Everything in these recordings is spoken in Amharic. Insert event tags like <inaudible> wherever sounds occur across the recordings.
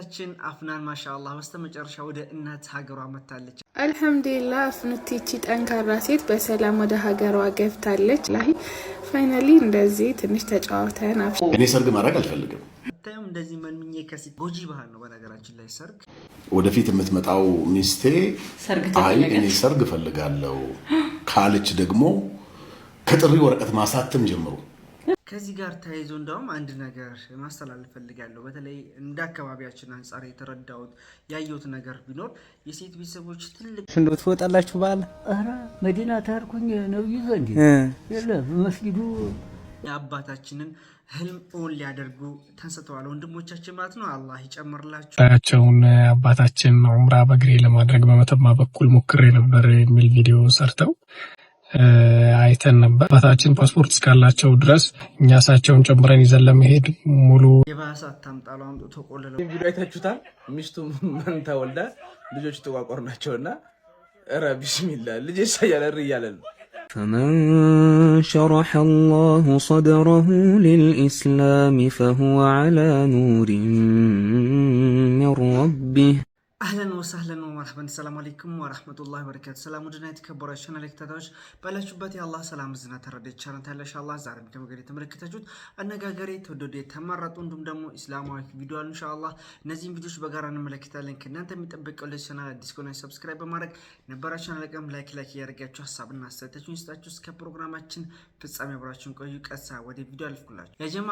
እህታችን አፍናን ማሻአላህ በስተመጨረሻ ወደ እናት ሀገሯ መታለች። አልሐምዱሊላህ አፍንቲቺ ጠንካራ ሴት በሰላም ወደ ሀገሯ ገብታለች። ላይ ፋይናሊ እንደዚህ ትንሽ ተጫዋተን እኔ ሰርግ ማድረግ አልፈልግም። ታዩም እንደዚህ መልምኜ ከሴት ጎጂ ባህል ነው። በነገራችን ላይ ሰርግ ወደፊት የምትመጣው ሚስቴ አይ እኔ ሰርግ እፈልጋለሁ ካለች ደግሞ ከጥሪ ወረቀት ማሳተም ጀምሩ ከዚህ ጋር ተያይዞ እንደውም አንድ ነገር ማስተላለፍ ፈልጋለሁ። በተለይ እንደ አካባቢያችን አንጻር የተረዳሁት ያየሁት ነገር ቢኖር የሴት ቤተሰቦች ትልቅ ሽንዶ ትወጣላችሁ በዓል ኧረ መዲና ታርኩኝ ነብዩ ዘንድ የለም በመስጊዱ የአባታችንን ህልም እውን ሊያደርጉ ተንስተዋል። ወንድሞቻችን ማለት ነው። አላህ ይጨምርላቸው። ታያቸውን አባታችን ዑምራ በእግሬ ለማድረግ በመተማ በኩል ሞክሬ ነበር የሚል ቪዲዮ ሰርተው አይተን ነበር። አባታችን ፓስፖርት እስካላቸው ድረስ እኛ እሳቸውን ጨምረን ይዘን ለመሄድ ሙሉ የባሰ አታምጣሉ አምጡ ተቆልለ ቪዲዮ አይታችሁታል። ሚስቱ መንታ ወልዳ ልጆች ተቋቋር ናቸውና ረ ቢስሚላ ልጅ ይሳያል ር እያለ ነው فمن شرح الله صدره للإسلام فهو على نور من ربه አህለን ወሳህለን ወመርሐበን ሰላም አለይኩም ወራህመቱላሂ ወበረካቱ። ሰላም ውድና የተከበራችሁ ተመልካቾች ባላችሁበት የአላህ ሰላም ዝና ተረደ ቻናል ታለሽ አላህ ዛሬም ከመገር የተመለከታችሁት አነጋገሪ ተወደዱ የተመረጡ እንዲሁም ደግሞ እስላማዊ ቪዲዮ አሉ ኢንሻአላህ። እነዚህን ቪዲዮዎች በጋራ እንመለከታለን። ከእናንተ የሚጠበቀው ለቻናል አዲስ ከሆነ ሰብስክራይብ በማድረግ ነበራችሁን አለቀም ላይክ ላይክ እያደረጋችሁ ሀሳብና አስተያየታችሁን ይስጣችሁ። እስከ ፕሮግራማችን ፍጻሜ አብራችሁን ቆዩ። ቀጥታ ወደ ቪዲዮ አልፍኩላችሁ። የጀማ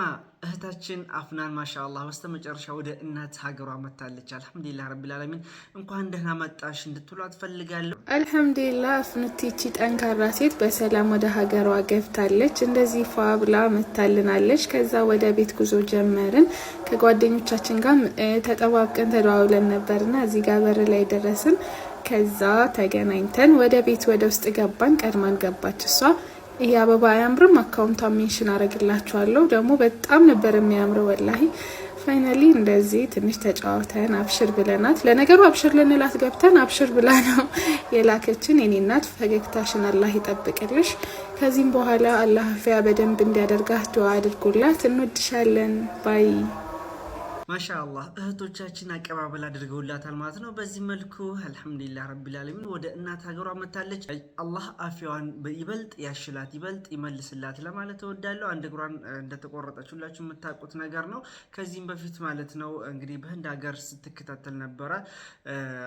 እህታችን አፍናን ማሻአላህ በስተመጨረሻ ወደ እናት ሀገሯ መታለች። አልሐምዱሊላህ ረቢል ዓለሚን ለምን እንኳን ደህና መጣሽ እንድትሉ አትፈልጋለሁ። አልሐምዱሊላ አፍንቲቺ ጠንካራ ሴት በሰላም ወደ ሀገሯ ገብታለች። እንደዚህ ፏ ብላ መታልናለች። ከዛ ወደ ቤት ጉዞ ጀመርን። ከጓደኞቻችን ጋር ተጠባብቀን ተደዋውለን ነበርና እዚህ ጋር በር ላይ ደረስን። ከዛ ተገናኝተን ወደ ቤት ወደ ውስጥ ገባን። ቀድማን ገባች እሷ። ይህ አበባ አያምርም? አካውንቷ ሜንሽን አረግላችኋለሁ። ደግሞ በጣም ነበር የሚያምረው ወላሂ ፋይናሊ እንደዚህ ትንሽ ተጫውተን አብሽር ብለናት። ለነገሩ አብሽር ልንላት ገብተን አብሽር ብላ ነው የላከችን። የኔ እናት ፈገግታሽን አላህ ይጠብቅልሽ። ከዚህም በኋላ አላህ አፍያ በደንብ እንዲያደርጋት ድዋ አድርጉላት። እንወድሻለን ባይ ማሻአላህ እህቶቻችን አቀባበል አድርገውላታል ማለት ነው። በዚህ መልኩ አልሐምዱሊላህ ረቢል ዓለሚን ወደ እናት ሀገሯ መታለች። አላህ አፊዋን ይበልጥ ያሽላት፣ ይበልጥ ይመልስላት ለማለት እወዳለሁ። አንድ እግሯን እንደተቆረጠች ሁላችሁ የምታውቁት ነገር ነው። ከዚህም በፊት ማለት ነው እንግዲህ በህንድ ሀገር ስትከታተል ነበረ።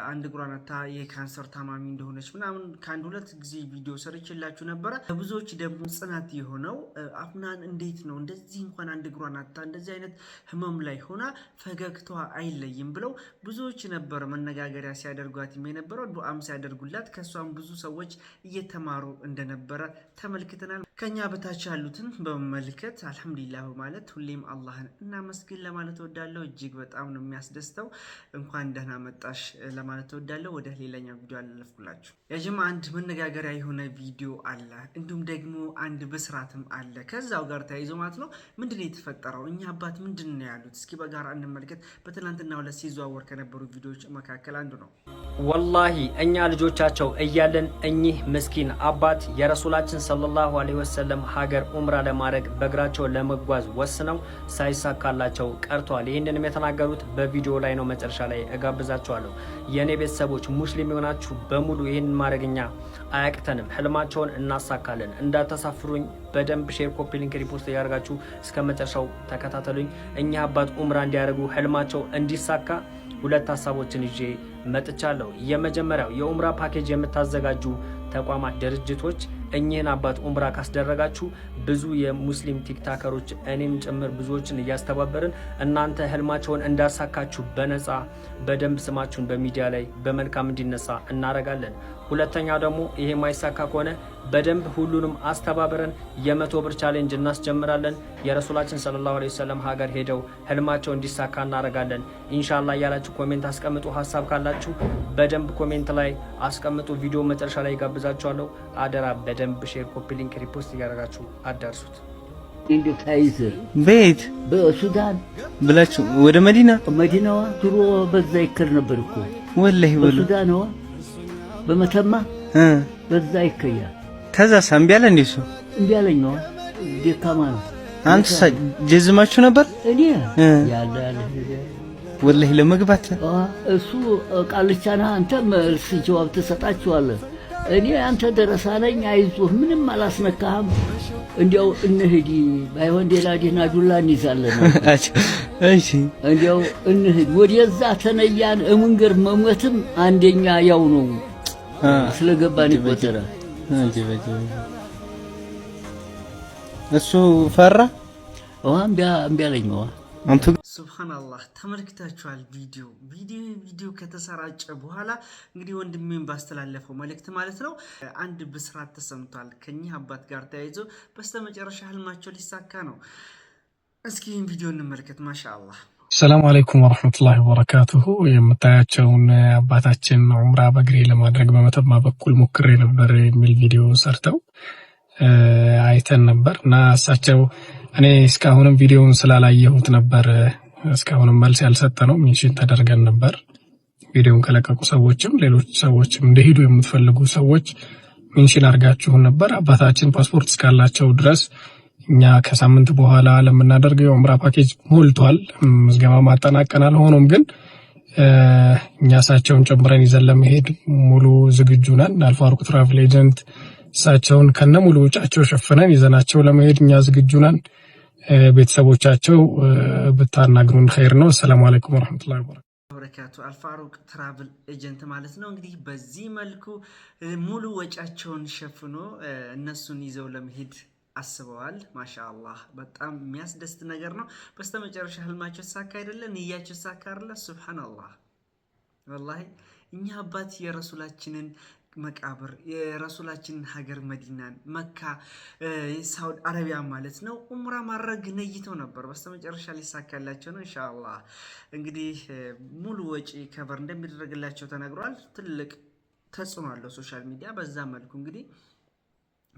አንድ እግሯን አታ የካንሰር ታማሚ እንደሆነች ምናምን ከአንድ ሁለት ጊዜ ቪዲዮ ሰርችላችሁ ነበረ። ብዙዎች ደግሞ ጽናት የሆነው አፍናን እንዴት ነው እንደዚህ እንኳን አንድ እግሯን አታ እንደዚህ አይነት ህመም ላይ ሆና ፈገግቷ አይለይም ብለው ብዙዎች ነበር መነጋገሪያ ሲያደርጓትም የነበረው ዱዓም ሲያደርጉላት ከእሷም ብዙ ሰዎች እየተማሩ እንደነበረ ተመልክተናል። ከኛ በታች ያሉትን በመመልከት አልሐምዱሊላህ በማለት ሁሌም አላህን እናመስግን ለማለት ወዳለው እጅግ በጣም ነው የሚያስደስተው። እንኳን ደህና መጣሽ ለማለት ወዳለው ወደ ሌላኛ ቪዲዮ አላለፍኩላችሁ። ያጅማ አንድ መነጋገሪያ የሆነ ቪዲዮ አለ፣ እንዲሁም ደግሞ አንድ ብስራትም አለ። ከዛው ጋር ተያይዞ ማለት ነው ምንድን ነው የተፈጠረው? እኛ አባት ምንድን ነው ያሉት? እስኪ በጋራ እንመልከት። በትናንትና ሁለት ሲዘዋወር ከነበሩ ቪዲዮዎች መካከል አንዱ ነው። ወላሂ እኛ ልጆቻቸው እያለን እኚህ ምስኪን አባት የረሱላችን ሰለላሁ አለይሂ ወሰለም ሀገር ኡምራ ለማድረግ በእግራቸው ለመጓዝ ወስነው ሳይሳካላቸው ቀርቷል። ይህንንም የተናገሩት በቪዲዮ ላይ ነው። መጨረሻ ላይ እጋብዛቸዋለሁ። የእኔ ቤተሰቦች ሙስሊም የሆናችሁ በሙሉ ይህንን ማድረግኛ አያቅተንም። ህልማቸውን እናሳካለን። እንዳታሳፍሩኝ። በደንብ ሼር፣ ኮፒ ሊንክ፣ ሪፖስት እያደርጋችሁ እስከ መጨረሻው ተከታተሉኝ። እኛ አባት ኡምራ እንዲያደርጉ ህልማቸው እንዲሳካ ሁለት ሀሳቦችን ይዤ መጥቻለሁ። የመጀመሪያው የኡምራ ፓኬጅ የምታዘጋጁ ተቋማት፣ ድርጅቶች እኚህን አባት ኡምራ ካስደረጋችሁ ብዙ የሙስሊም ቲክታከሮች እኔም ጭምር ብዙዎችን እያስተባበርን እናንተ ህልማቸውን እንዳሳካችሁ በነፃ በደንብ ስማችሁን በሚዲያ ላይ በመልካም እንዲነሳ እናደርጋለን። ሁለተኛው ደግሞ ይሄ ማይሳካ ከሆነ በደንብ ሁሉንም አስተባብረን የመቶ ብር ቻሌንጅ እናስጀምራለን። የረሱላችን ሰለላሁ ዐለይሂ ወሰለም ሀገር ሄደው ህልማቸው እንዲሳካ እናደርጋለን። ኢንሻላ እያላችሁ ኮሜንት አስቀምጡ። ሀሳብ ካላችሁ በደንብ ኮሜንት ላይ አስቀምጡ። ቪዲዮ መጨረሻ ላይ ይጋብዛችኋለሁ። አደራ በደንብ ሼር፣ ኮፒ ሊንክ፣ ሪፖስት እያደረጋችሁ አዳርሱት። ቤት በሱዳን ብላችሁ ወደ መዲና መዲናዋ ድሮ በዛ ይከር ነበር እኮ ወላሂ በሉ በመተማ በዛ ይከያል። ከዛ እምቢ አለ እንዴ? እሱ እምቢ አለኝ ነው ደካማ ነው። አንተ ጀዝማችሁ ነበር እኔ ያለ ያለ ወላሂ ለመግባት እሱ ቃልቻና አንተ መልስ ጀዋብ ትሰጣችኋለህ። እኔ አንተ ደረሳለኝ፣ ነኝ። አይዞህ ምንም አላስነካህም። እንዲያው እንሂድ ባይሆን ሌላ ዲና ዱላ እንይዛለን። <laughs> እሺ እንዲያው እንሂድ ወደዛ ተነያን እምንገር መሞትም አንደኛ ያው ነው። ስለገባን ይቆጠራል። እሱ ፈራ እምቢ አለኝ። ሱብሃናላህ ተመልክታችኋል። ቪዲዮ ቪዲዮ ቪዲዮ ከተሰራጨ በኋላ እንግዲህ ወንድሜን ባስተላለፈው መልእክት ማለት ነው አንድ ብስራት ተሰምቷል ከኚህ አባት ጋር ተያይዞ በስተመጨረሻ ህልማቸው ሊሳካ ነው። እስኪ ይህን ቪዲዮ እንመልከት። ማሻአላህ ሰላም አለይኩም ወረሕመቱላሂ ወበረካቱሁ። የምታያቸውን አባታችን ዑምራ በእግሬ ለማድረግ በመተማ በኩል ሞክሬ ነበር የሚል ቪዲዮ ሰርተው አይተን ነበር እና እሳቸው እኔ እስካሁንም ቪዲዮውን ስላላየሁት ነበር እስካሁንም መልስ ያልሰጠ ነው ሚንሽን ተደርገን ነበር። ቪዲዮውን ከለቀቁ ሰዎችም ሌሎች ሰዎችም እንደሄዱ የምትፈልጉ ሰዎች ሚንሽን አድርጋችሁን ነበር። አባታችን ፓስፖርት እስካላቸው ድረስ እኛ ከሳምንት በኋላ ለምናደርገው የኡምራ ፓኬጅ ሞልቷል፣ ምዝገባ ማጠናቀናል። ሆኖም ግን እኛ እሳቸውን ጨምረን ይዘን ለመሄድ ሙሉ ዝግጁ ነን። አልፋሩቅ ትራቭል ኤጀንት እሳቸውን ከነ ሙሉ ውጫቸው ሸፍነን ይዘናቸው ለመሄድ እኛ ዝግጁ ነን። ቤተሰቦቻቸው ብታናግሩን ኸይር ነው። አሰላሙ አለይኩም ወረሕመቱላሂ ወበረካቱ በረካቱ አልፋሩቅ ትራቭል ኤጀንት ማለት ነው። እንግዲህ በዚህ መልኩ ሙሉ ወጫቸውን ሸፍኖ እነሱን ይዘው ለመሄድ አስበዋል። ማሻአላህ በጣም የሚያስደስት ነገር ነው። በስተመጨረሻ ህልማቸው ሳካ አይደለ? ንያቸው ሳካ አይደለ? ሱብሃነላህ ወላሂ እኛ አባት የረሱላችንን መቃብር የረሱላችንን ሀገር መዲናን መካ ሳውዲ አረቢያ ማለት ነው ኡምራ ማድረግ ነይተው ነበር። በስተመጨረሻ ሊሳካላቸው ነው ኢንሻአላህ። እንግዲህ ሙሉ ወጪ ከበር እንደሚደረግላቸው ተነግሯል። ትልቅ ተጽዕኖ አለው ሶሻል ሚዲያ በዛ መልኩ እንግዲህ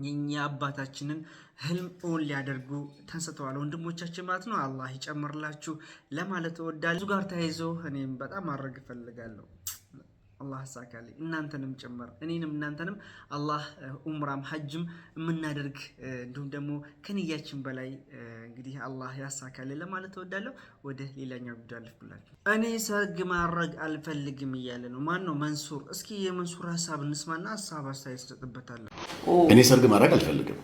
የእኛ አባታችንን ህልም እውን ሊያደርጉ ተንስተዋል ወንድሞቻችን ማለት ነው። አላህ ይጨምርላችሁ ለማለት እወዳለሁ። እዙ ጋር ተያይዞ እኔም በጣም ማድረግ እፈልጋለሁ። አላህ አሳካልኝ እናንተንም ጭምር እኔንም እናንተንም አላህ ኡምራም ሐጅም የምናደርግ እንዲሁም ደግሞ ከንያችን በላይ እንግዲህ አላህ ያሳካልኝ ለማለት እወዳለሁ። ወደ ሌላኛው ጉዳይ አልፍ እኔ ሰርግ ማድረግ አልፈልግም እያለ ነው። ማን ነው? መንሱር። እስኪ የመንሱር ሀሳብ እንስማና ሀሳብ አስተያየት ሰጥበታለሁ። እኔ ሰርግ ማድረግ አልፈልግም።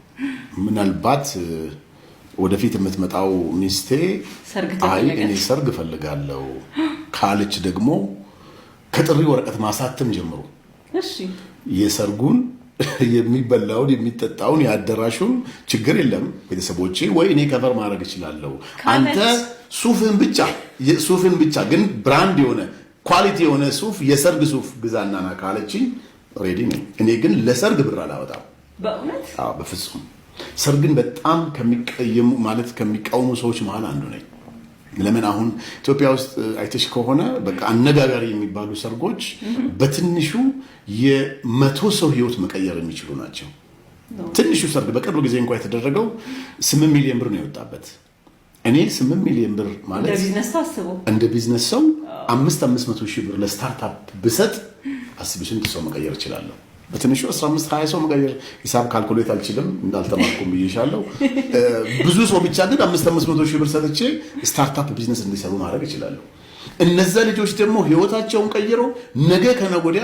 ምናልባት ወደፊት የምትመጣው ሚስቴ አይ እኔ ሰርግ እፈልጋለሁ ካለች ደግሞ ከጥሪ ወረቀት ማሳተም ጀምሮ የሰርጉን የሚበላውን የሚጠጣውን የአዳራሹን ችግር የለም። ቤተሰቦች ወይ እኔ ከቨር ማድረግ እችላለሁ። አንተ ሱፍን ብቻ ሱፍን ብቻ ግን ብራንድ የሆነ ኳሊቲ የሆነ ሱፍ የሰርግ ሱፍ ግዛናና ካለችኝ ሬዲ ነኝ። እኔ ግን ለሰርግ ብር አላወጣም በፍጹም። ሰርግን በጣም ከሚቀየሙ ማለት ከሚቃወሙ ሰዎች መሀል አንዱ ነኝ። ለምን አሁን ኢትዮጵያ ውስጥ አይተሽ ከሆነ በቃ አነጋጋሪ የሚባሉ ሰርጎች በትንሹ የመቶ ሰው ህይወት መቀየር የሚችሉ ናቸው። ትንሹ ሰርግ በቅርብ ጊዜ እንኳ የተደረገው ስምንት ሚሊዮን ብር ነው የወጣበት። እኔ ስምንት ሚሊዮን ብር ማለት እንደ ቢዝነስ ሰው አምስት አምስት መቶ ሺህ ብር ለስታርታፕ ብሰጥ አስቢሽን ሰው መቀየር እችላለሁ። በትንሹ 15 20 ሰው መቀየር ሂሳብ ካልኩሌት አልችልም እንዳልተማርኩም ብዬሻለሁ። ብዙ ሰው ብቻ ግን 5500 ሺህ ብር ሰጥቼ ስታርታፕ ቢዝነስ እንዲሰሩ ማድረግ እችላለሁ። እነዛ ልጆች ደግሞ ህይወታቸውን ቀይረው ነገ ከነገ ወዲያ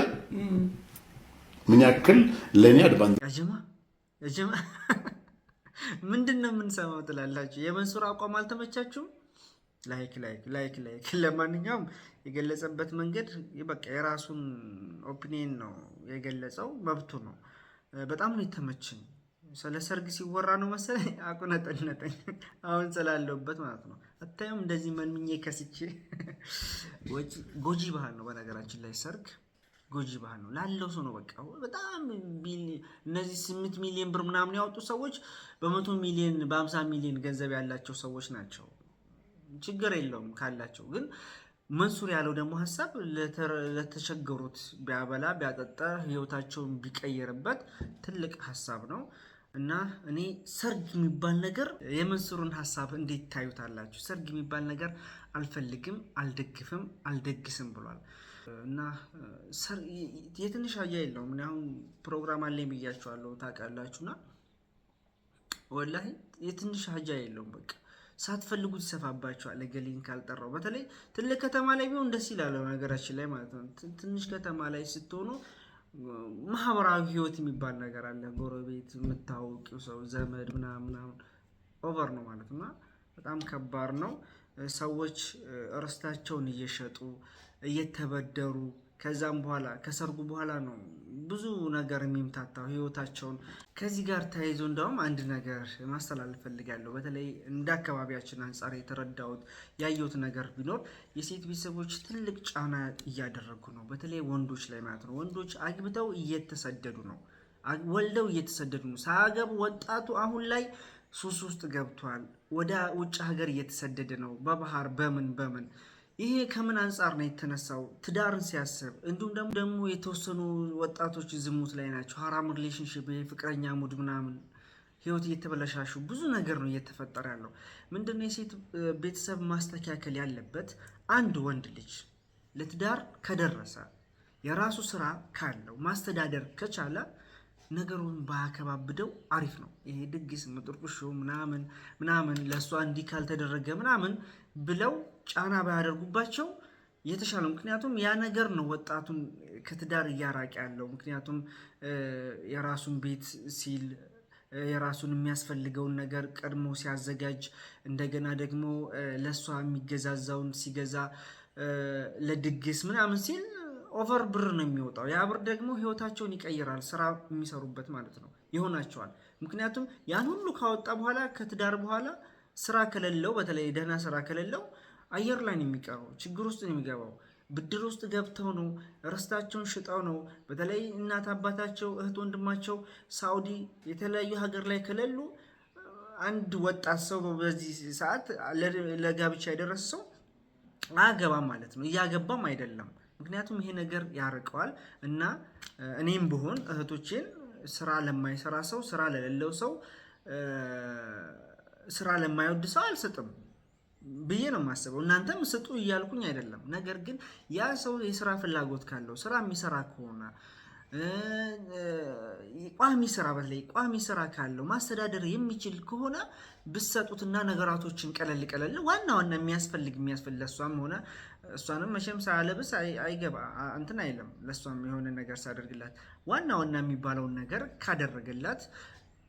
ምን ያክል ለእኔ አድባን ምንድን ነው የምንሰማው ትላላችሁ። የመንሱር አቋም አልተመቻችሁም? ላይክ ላይክ ላይክ ላይክ <laughs> ለማንኛውም የገለጸበት መንገድ በቃ የራሱን ኦፒኒየን ነው የገለጸው፣ መብቱ ነው። በጣም ነው የተመችኝ። ስለ ሰርግ ሲወራ ነው መሰለኝ <laughs> አቁነጠነጠኝ፣ አሁን ስላለሁበት ማለት ነው። አታዩም? እንደዚህ መንምኜ ከስቼ። <laughs> ጎጂ ባህል ነው በነገራችን ላይ ሰርግ ጎጂ ባህል ነው ላለው ሰው ነው በቃ በጣም እነዚህ ስምንት ሚሊዮን ብር ምናምን ያወጡ ሰዎች በመቶ ሚሊዮን በአምሳ ሚሊዮን ገንዘብ ያላቸው ሰዎች ናቸው። ችግር የለውም ካላቸው። ግን መንሱር ያለው ደግሞ ሀሳብ ለተቸገሩት ቢያበላ ቢያጠጣ ህይወታቸውን ቢቀየርበት ትልቅ ሀሳብ ነው እና እኔ ሰርግ የሚባል ነገር የመንሱርን ሀሳብ እንዴት ታዩታላችሁ? ሰርግ የሚባል ነገር አልፈልግም፣ አልደግፍም፣ አልደግስም ብሏል። እና የትንሽ አያ የለውም። እኔ አሁን ፕሮግራም አለኝ ብያችኋለሁ ታውቃላችሁና ወላሂ የትንሽ አያ የለውም በቃ ሳትፈልጉት ይሰፋባቸዋል። እገሌን ካልጠራው በተለይ ትልቅ ከተማ ላይ ቢሆን ደስ ይላል። ነገራችን ላይ ማለት ነው። ትንሽ ከተማ ላይ ስትሆኑ ማህበራዊ ህይወት የሚባል ነገር አለ። ጎረቤት፣ የምታውቂው ሰው፣ ዘመድ ምናምን ኦቨር ነው ማለት እና በጣም ከባድ ነው። ሰዎች እርስታቸውን እየሸጡ እየተበደሩ ከዛም በኋላ ከሰርጉ በኋላ ነው ብዙ ነገር የሚምታታው ህይወታቸውን። ከዚህ ጋር ተያይዞ እንደውም አንድ ነገር ማስተላለፍ ፈልጋለሁ። በተለይ እንደ አካባቢያችን አንጻር የተረዳሁት ያየሁት ነገር ቢኖር የሴት ቤተሰቦች ትልቅ ጫና እያደረጉ ነው፣ በተለይ ወንዶች ላይ ማለት ነው። ወንዶች አግብተው እየተሰደዱ ነው፣ ወልደው እየተሰደዱ ነው። ሳያገቡ ወጣቱ አሁን ላይ ሱስ ውስጥ ገብቷል። ወደ ውጭ ሀገር እየተሰደደ ነው፣ በባህር በምን በምን ይሄ ከምን አንጻር ነው የተነሳው? ትዳርን ሲያስብ እንዲሁም ደግሞ ደግሞ የተወሰኑ ወጣቶች ዝሙት ላይ ናቸው። ሀራም ሪሌሽንሽፕ፣ የፍቅረኛ ሙድ ምናምን ህይወት እየተበለሻሹ ብዙ ነገር ነው እየተፈጠረ ያለው። ምንድነው የሴት ቤተሰብ ማስተካከል ያለበት? አንድ ወንድ ልጅ ለትዳር ከደረሰ የራሱ ስራ ካለው ማስተዳደር ከቻለ ነገሩን ባያከባብደው አሪፍ ነው። ይሄ ድግስ ምጥርቁሾ ምናምን ምናምን ለእሷ እንዲህ ካልተደረገ ምናምን ብለው ጫና ባያደርጉባቸው የተሻለ ምክንያቱም ያ ነገር ነው ወጣቱን ከትዳር እያራቅ ያለው። ምክንያቱም የራሱን ቤት ሲል የራሱን የሚያስፈልገውን ነገር ቀድሞ ሲያዘጋጅ፣ እንደገና ደግሞ ለእሷ የሚገዛዛውን ሲገዛ፣ ለድግስ ምናምን ሲል ኦቨር ብር ነው የሚወጣው። ያ ብር ደግሞ ህይወታቸውን ይቀይራል። ስራ የሚሰሩበት ማለት ነው ይሆናቸዋል። ምክንያቱም ያን ሁሉ ካወጣ በኋላ ከትዳር በኋላ ስራ ከሌለው፣ በተለይ ደህና ስራ ከሌለው አየር ላይ ነው የሚቀረው፣ ችግር ውስጥ ነው የሚገባው። ብድር ውስጥ ገብተው ነው፣ ርስታቸውን ሽጠው ነው። በተለይ እናት አባታቸው፣ እህት ወንድማቸው ሳውዲ፣ የተለያዩ ሀገር ላይ ከሌሉ አንድ ወጣት ሰው በዚህ ሰዓት ለጋብቻ የደረሰ ሰው አያገባም ማለት ነው። እያገባም አይደለም። ምክንያቱም ይሄ ነገር ያርቀዋል እና እኔም ብሆን እህቶቼን ስራ ለማይሰራ ሰው፣ ስራ ለሌለው ሰው፣ ስራ ለማይወድ ሰው አልሰጥም። ብዬ ነው የማስበው። እናንተም ስጡ እያልኩኝ አይደለም። ነገር ግን ያ ሰው የስራ ፍላጎት ካለው ስራ የሚሰራ ከሆነ ቋሚ ስራ በተለይ ቋሚ ስራ ካለው ማስተዳደር የሚችል ከሆነ ብሰጡትና ነገራቶችን ቀለል ቀለል ዋና ዋና የሚያስፈልግ የሚያስፈልግ ለእሷም ሆነ እሷንም መቼም ሳያለብስ አይገባ እንትን አይለም። ለእሷም የሆነ ነገር ሳደርግላት ዋና ዋና የሚባለውን ነገር ካደረገላት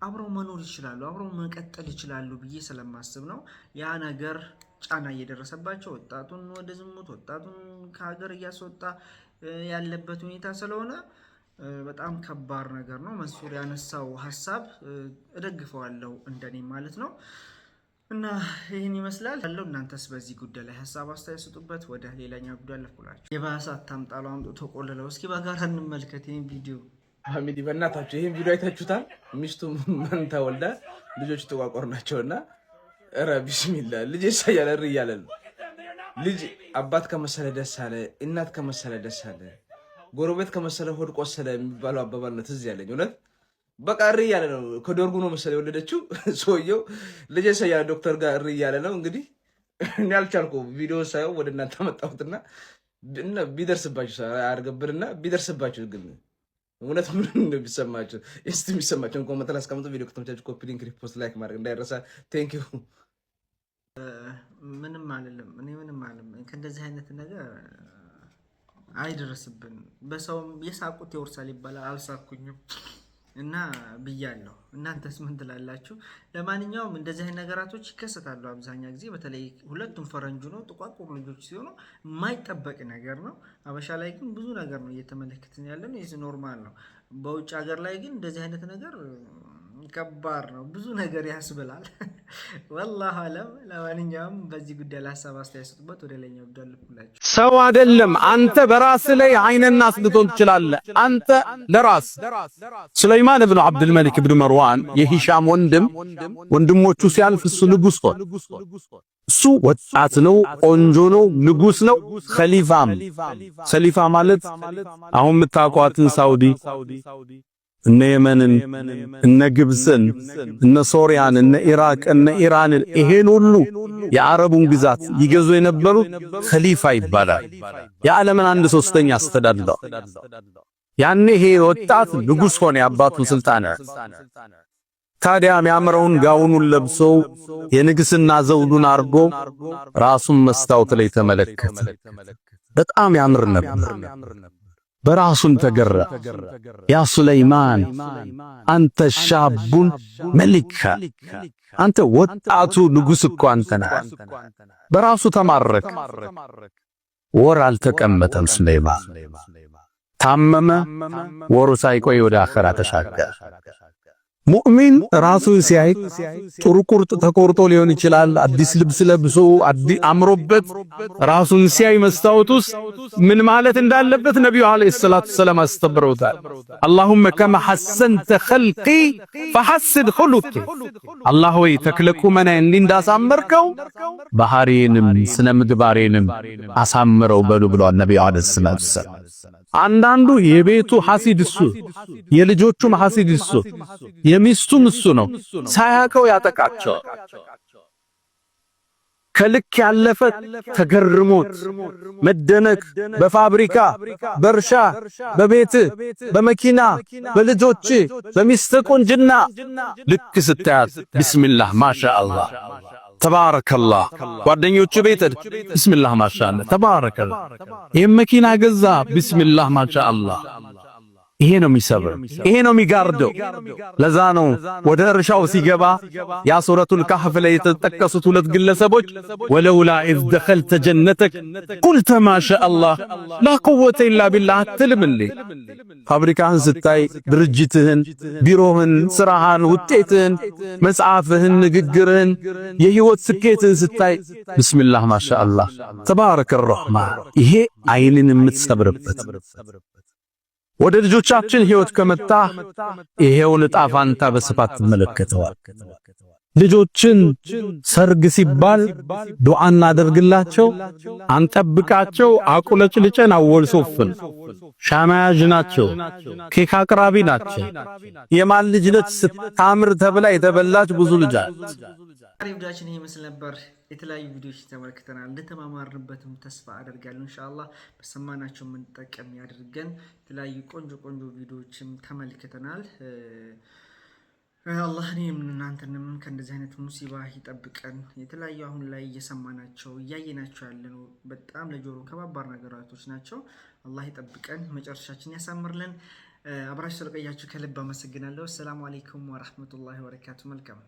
አብረው መኖር ይችላሉ፣ አብረው መቀጠል ይችላሉ ብዬ ስለማስብ ነው። ያ ነገር ጫና እየደረሰባቸው ወጣቱን ወደ ዝሙት፣ ወጣቱን ከሀገር እያስወጣ ያለበት ሁኔታ ስለሆነ በጣም ከባድ ነገር ነው። መንሱር ያነሳው ሀሳብ እደግፈዋለሁ፣ እንደኔ ማለት ነው። እና ይህን ይመስላል ያለው። እናንተስ በዚህ ጉዳይ ላይ ሀሳብ አስተያየት ስጡበት። ወደ ሌላኛው ጉዳይ አለፍኩላችሁ። የባሰ አታምጣሉ አምጡ ተቆልለው። እስኪ በጋራ እንመልከት ይህን ቪዲዮ ፋሚሊ በእናታችሁ ይህን ቪዲዮ አይታችሁታል። ሚስቱ መንታ ወልዳ ልጆች ጥቋቆር ናቸውና፣ ረ ቢስሚላ ልጅ ይሳያል ር እያለ ነው። ልጅ አባት ከመሰለ ደስ አለ፣ እናት ከመሰለ ደስ አለ፣ ጎረቤት ከመሰለ ሆድ ቆሰለ የሚባለው አባባል ነው ትዝ ያለኝ። እውነት በቃ ር እያለ ነው። ከደርጉ ነው መሰለ የወለደችው <laughs> ሰውየው። ልጅ ይሳያል ዶክተር ጋር ር እያለ ነው። እንግዲህ እኔ አልቻልኩ ቪዲዮ ሳየው ወደ እናንተ መጣሁትና ቢደርስባችሁ አርገብርና ቢደርስባችሁ ግን እውነት ምን እንደሚሰማቸው ስ የሚሰማቸውን ኮመንት ላይ አስቀምጡ። ቪዲዮ ከተመቻችሁ ኮፒ ሊንክ፣ ሪፖስት፣ ላይክ ማድረግ እንዳይረሳ። ቴንክ ዩ። ምንም አልልም እኔ ምንም አልልም። ከእንደዚህ አይነት ነገር አይደረስብን። በሰውም የሳቁት ይወርሳል ይባላል። አልሳኩኝም። እና ብያለሁ። እናንተስ ምን ትላላችሁ? ለማንኛውም እንደዚህ አይነት ነገራቶች ይከሰታሉ። አብዛኛ ጊዜ በተለይ ሁለቱም ፈረንጁ ነው፣ ጥቋቁር ልጆች ሲሆኑ የማይጠበቅ ነገር ነው። አበሻ ላይ ግን ብዙ ነገር ነው እየተመለከትን ያለን ይህ ኖርማል ነው። በውጭ ሀገር ላይ ግን እንደዚህ አይነት ነገር ከባድ ነው። ብዙ ነገር ያስብላል። ወላሂ አለም። ለማንኛውም በዚህ ጉዳይ ለሀሳብ አስተያየት ስጡበት። ወደ ላይኛው ብዳልኩላችሁ። ሰው አይደለም አንተ በራስ ላይ አይንና አስልቶን ትችላለህ። አንተ ለራስ ሱለይማን ብኑ አብዱልመሊክ እብኑ መርዋን የሂሻም ወንድም ወንድሞቹ ሲያልፍ እሱ ንጉስ ሆነ። እሱ ወጣት ነው፣ ቆንጆ ነው፣ ንጉስ ነው፣ ኸሊፋም። ኸሊፋ ማለት አሁን የምታውቋትን ሳውዲ እነ የመንን እነ ግብፅን እነ ሶሪያን እነ ኢራቅ እነ ኢራንን ይሄን ሁሉ የአረቡን ግዛት ይገዙ የነበሩት ኸሊፋ ይባላል። የዓለምን አንድ ሶስተኛ አስተዳድረው ያኔ ይሄ ወጣት ንጉሥ ሆነ። የአባቱን ስልጣን ታዲያ የሚያምረውን ጋውኑን ለብሶ የንግስና ዘውዱን አርጎ ራሱን መስታወት ላይ ተመለከተ። በጣም ያምር ነበር። በራሱን ተገራ። ያ ሱለይማን አንተ ሻቡን መሊካ፣ አንተ ወጣቱ ንጉሥ እኮ አንተ በራሱ ተማረክ። ወር አልተቀመጠም ሱለይማን ታመመ። ወሩ ሳይቆይ ወደ አኸራ ተሻገረ። ሙእሚን ራሱ ሲያይ ጥሩ ቁርጥ ተቆርጦ ሊሆን ይችላል። አዲስ ልብስ ለብሶ አምሮበት ራሱን ሲያይ መስታወት ውስጥ ምን ማለት እንዳለበት ነቢዩ አለይሂ ሰላቱ ሰላም አስተምረውታል። አላሁመ ከማ ሐሰንተ ኸልቂ ፈሐስን ኹሉቂ፣ አላህ ወይ ተክለቁ ቁመናዬን እንዲህ እንዳሳመርከው ባህሪዬንም ስነ ምግባሬንም አሳምረው በሉ ብሏል ነቢዩ አለይሂ ሰላቱ ሰላም። አንዳንዱ የቤቱ ሐሲድ እሱ፣ የልጆቹም ሐሲድ እሱ፣ የሚስቱም እሱ ነው። ሳያቀው ያጠቃቸው ከልክ ያለፈ ተገርሞት መደነቅ በፋብሪካ በእርሻ በቤት በመኪና በልጆች በሚስት ቁንጅና ልክ ስታያት ቢስሚላህ ማሻአላህ ተባረከላህ ጓደኞቹ ቤት ቢስሚላህ ማሻአላ ተባረከላ። ይህም መኪና ገዛ ቢስሚላህ ማሻአላ። ይሄ ነው የሚሰብር፣ ይሄ ነው የሚጋርደው። ለዛ ነው ወደ እርሻው ሲገባ ያ ሱረቱል ካህፍ ላይ የተጠቀሱት ሁለት ግለሰቦች ወለውላ ኢዝ ደኸልተ ጀነተክ ቁልተ ማሻአላህ ላ ቁወተ ኢላ ቢላህ አትልም እንዴ? ፋብሪካህን ስታይ ድርጅትህን፣ ቢሮህን፣ ስራህን፣ ውጤትህን፣ መጽሐፍህን፣ ንግግርህን፣ የህይወት ስኬትህን ስታይ ብስሚላህ ማሻአላህ ተባረከ ረሕማን። ይሄ አይንን የምትሰብርበት ወደ ልጆቻችን ህይወት ከመጣ ይሄው ልጣፋንታ በስፋት ትመለከተዋል። ልጆችን ሰርግ ሲባል ዱዓ እናደርግላቸው አንጠብቃቸው፣ አቁለጭልጨን አወልሶፍን ሻማያዥ ናቸው፣ ኬክ አቅራቢ ናቸው። የማን ልጅ ነች ስታምር ተብላ የተበላች ብዙ ልጅ ቪዲዮችን ይህ ምስል ነበር። የተለያዩ ቪዲዮች ተመልክተናል። እንደተማማርንበትም ተስፋ አደርጋለሁ። እንሻላ በሰማናቸው የምንጠቀም ያድርገን። የተለያዩ ቆንጆ ቆንጆ ቪዲዮችም ተመልክተናል። አላህ እኔም እናንተንም ከእንደዚህ አይነት ሙሲባ ይጠብቀን። የተለያዩ አሁን ላይ እየሰማናቸው እያየናቸው ያለነው በጣም ለጆሮ ከባባር ነገራቶች ናቸው። አላህ ይጠብቀን፣ መጨረሻችን ያሳምርልን። አብራችሁ ስለቆያችሁ ከልብ አመሰግናለሁ። አሰላሙ አሌይኩም ወረህመቱላሂ ወበረካቱ። መልካም